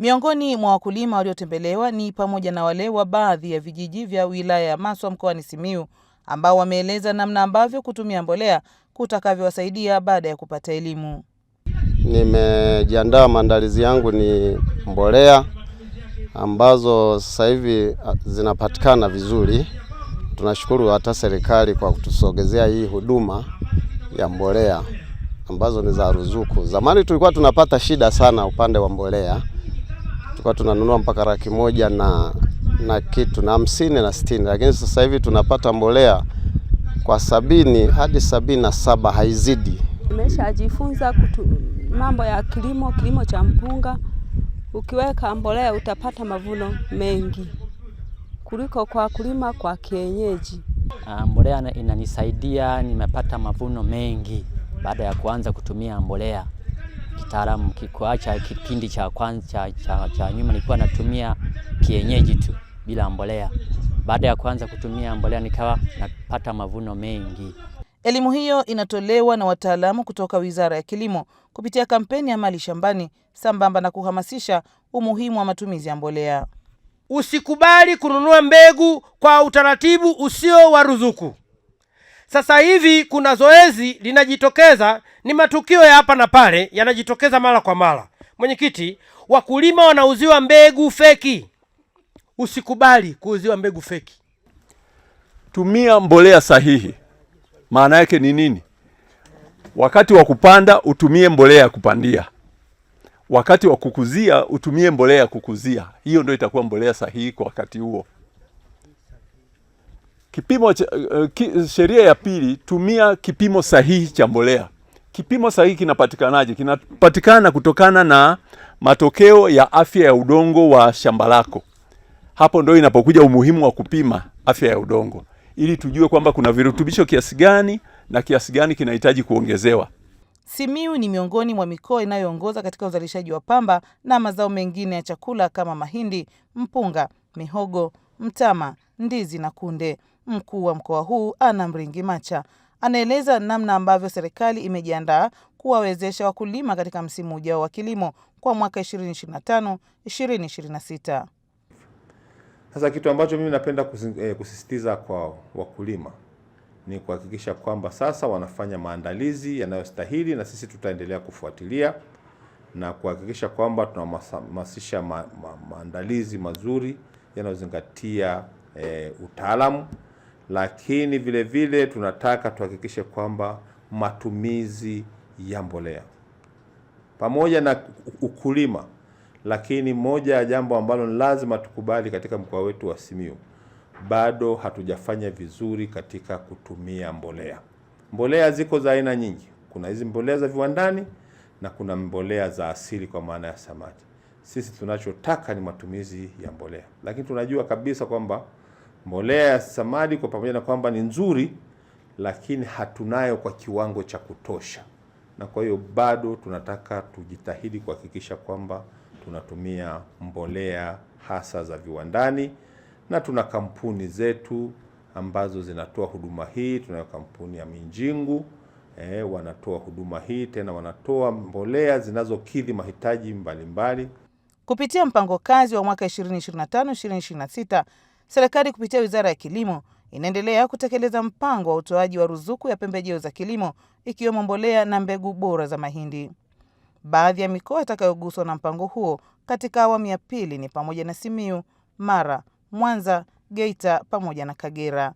Miongoni mwa wakulima waliotembelewa ni pamoja na wale wa baadhi ya vijiji vya wilaya ya Maswa mkoani Simiyu ambao wameeleza namna ambavyo kutumia mbolea kutakavyowasaidia baada ya kupata elimu. Nimejiandaa, maandalizi yangu ni mbolea ambazo sasa hivi ah, zinapatikana vizuri. Tunashukuru hata serikali kwa kutusogezea hii huduma ya mbolea ambazo ni za ruzuku. Zamani tulikuwa tunapata shida sana upande wa mbolea, tulikuwa tunanunua mpaka laki moja na, na kitu na hamsini na sitini, lakini sasa hivi tunapata mbolea kwa sabini hadi sabini na saba haizidi. Nimeshajifunza mambo ya kilimo, kilimo cha mpunga. Ukiweka mbolea utapata mavuno mengi kuliko kwa kulima kwa kienyeji. Ah, mbolea inanisaidia, nimepata mavuno mengi baada ya kuanza kutumia mbolea kitaalamu kikuacha. Kipindi cha kwanza cha, cha, cha nyuma nilikuwa natumia kienyeji tu bila mbolea. Baada ya kuanza kutumia mbolea nikawa napata mavuno mengi. Elimu hiyo inatolewa na wataalamu kutoka Wizara ya Kilimo kupitia kampeni ya Mali Shambani sambamba na kuhamasisha umuhimu wa matumizi ya mbolea. Usikubali kununua mbegu kwa utaratibu usio wa ruzuku. Sasa hivi kuna zoezi linajitokeza, ni matukio ya hapa na pale yanajitokeza mara kwa mara. Mwenyekiti, wakulima wanauziwa mbegu feki. Usikubali kuuziwa mbegu feki, tumia mbolea sahihi. Maana yake ni nini? Wakati wa kupanda utumie mbolea ya kupandia, wakati wa kukuzia utumie mbolea ya kukuzia. Hiyo ndio itakuwa mbolea sahihi kwa wakati huo. Kipimo cha, uh, ki, sheria ya pili, tumia kipimo sahihi cha mbolea. Kipimo sahihi kinapatikanaje? Kinapatikana kutokana na matokeo ya afya ya udongo wa shamba lako. Hapo ndio inapokuja umuhimu wa kupima afya ya udongo ili tujue kwamba kuna virutubisho kiasi gani na kiasi gani kinahitaji kuongezewa. simiu ni miongoni mwa mikoa inayoongoza katika uzalishaji wa pamba na mazao mengine ya chakula kama mahindi, mpunga, mihogo, mtama ndizi na kunde. Mkuu wa mkoa huu Anna Mringi Macha anaeleza namna ambavyo serikali imejiandaa kuwawezesha wakulima katika msimu ujao wa kilimo kwa mwaka 2025 2026. Sasa kitu ambacho mimi napenda eh, kusisitiza kwa wakulima ni kuhakikisha kwamba sasa wanafanya maandalizi yanayostahili, na sisi tutaendelea kufuatilia na kuhakikisha kwamba tunahamasisha ma, ma, maandalizi mazuri yanayozingatia e, utaalamu, lakini vile vile tunataka tuhakikishe kwamba matumizi ya mbolea pamoja na ukulima. Lakini moja ya jambo ambalo lazima tukubali katika mkoa wetu wa Simiyu, bado hatujafanya vizuri katika kutumia mbolea. Mbolea ziko za aina nyingi, kuna hizi mbolea za viwandani na kuna mbolea za asili kwa maana ya samadi. Sisi tunachotaka ni matumizi ya mbolea, lakini tunajua kabisa kwamba Mbolea ya samadi kwa pamoja na kwamba ni nzuri, lakini hatunayo kwa kiwango cha kutosha, na kwa hiyo bado tunataka tujitahidi kuhakikisha kwamba tunatumia mbolea hasa za viwandani, na tuna kampuni zetu ambazo zinatoa huduma hii. Tunayo kampuni ya Minjingu eh, wanatoa huduma hii, tena wanatoa mbolea zinazokidhi mahitaji mbalimbali mbali. Kupitia mpango kazi wa mwaka 2025 2026 serikali kupitia wizara ya kilimo inaendelea kutekeleza mpango wa utoaji wa ruzuku ya pembejeo za kilimo ikiwemo mbolea na mbegu bora za mahindi. Baadhi ya mikoa itakayoguswa na mpango huo katika awamu ya pili ni pamoja na simiu Mara, Mwanza, Geita pamoja na Kagera.